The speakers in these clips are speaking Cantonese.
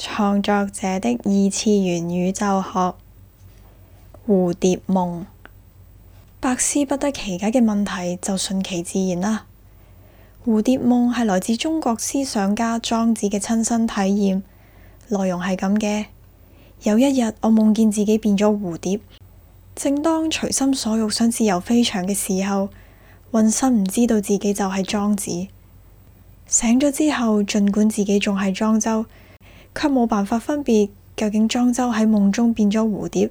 創作者的異次元宇宙學《蝴蝶夢》百思不得其解嘅問題就順其自然啦。蝴蝶夢係來自中國思想家莊子嘅親身體驗，內容係咁嘅。有一日，我夢見自己變咗蝴蝶，正當隨心所欲想自由飛翔嘅時候，渾身唔知道自己就係莊子。醒咗之後，盡管自己仲係莊周。卻冇辦法分別究竟莊周喺夢中變咗蝴蝶，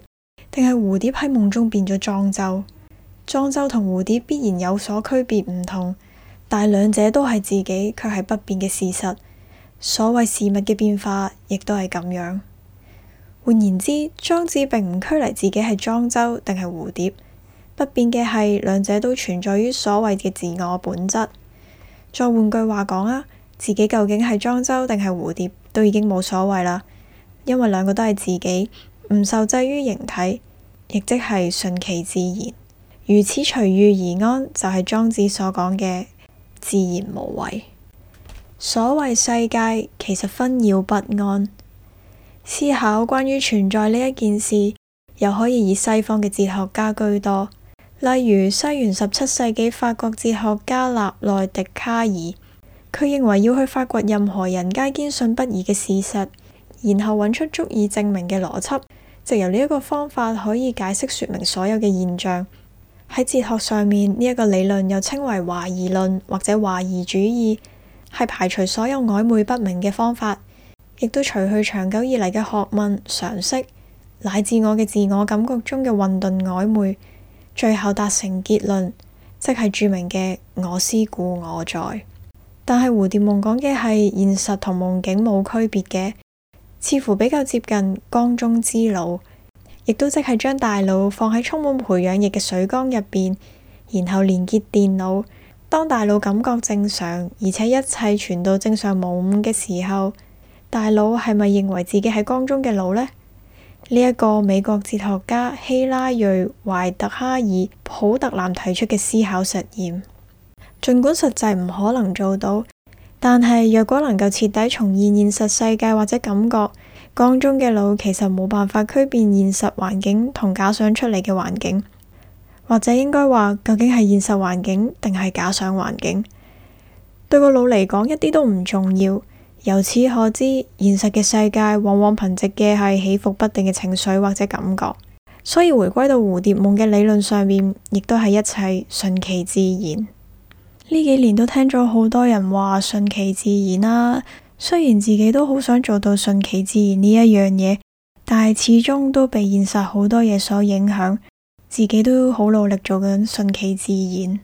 定係蝴蝶喺夢中變咗莊周。莊周同蝴蝶必然有所區別，唔同，但兩者都係自己，卻係不變嘅事實。所謂事物嘅變化，亦都係咁樣。換言之，莊子並唔拘泥自己係莊周定係蝴蝶，不變嘅係兩者都存在於所謂嘅自我本質。再換句話講啊，自己究竟係莊周定係蝴蝶？都已經冇所謂啦，因為兩個都係自己，唔受制於形體，亦即係順其自然，如此隨遇而安，就係、是、莊子所講嘅自然無為。所謂世界其實紛擾不安，思考關於存在呢一件事，又可以以西方嘅哲學家居多，例如西元十七世紀法國哲學家勒內·笛卡爾。佢認為要去發掘任何人皆堅信不疑嘅事實，然後揾出足以證明嘅邏輯，藉由呢一個方法可以解釋說明所有嘅現象。喺哲學上面，呢一個理論又稱為懷疑論或者懷疑主義，係排除所有曖昧不明嘅方法，亦都除去長久以嚟嘅學問常識乃至我嘅自我感覺中嘅混沌曖昧，最後達成結論，即係著名嘅我思故我在。但係蝴蝶夢講嘅係現實同夢境冇區別嘅，似乎比較接近缸中之腦，亦都即係將大腦放喺充滿培養液嘅水缸入邊，然後連結電腦。當大腦感覺正常，而且一切傳到正常無誤嘅時候，大腦係咪認為自己喺缸中嘅腦呢？呢、這、一個美國哲學家希拉瑞·懷特哈爾·普特南提出嘅思考實驗。儘管實際唔可能做到，但係若果能夠徹底重現現實世界或者感覺，缸中嘅腦其實冇辦法區別現實環境同假想出嚟嘅環境，或者應該話究竟係現實環境定係假想環境，對個腦嚟講一啲都唔重要。由此可知，現實嘅世界往往憑藉嘅係起伏不定嘅情緒或者感覺，所以回歸到蝴蝶夢嘅理論上面，亦都係一切順其自然。呢幾年都聽咗好多人話順其自然啦、啊，雖然自己都好想做到順其自然呢一樣嘢，但係始終都被現實好多嘢所影響，自己都好努力做緊順其自然。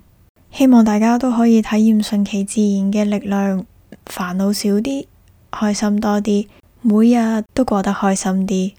希望大家都可以體驗順其自然嘅力量，煩惱少啲，開心多啲，每日都過得開心啲。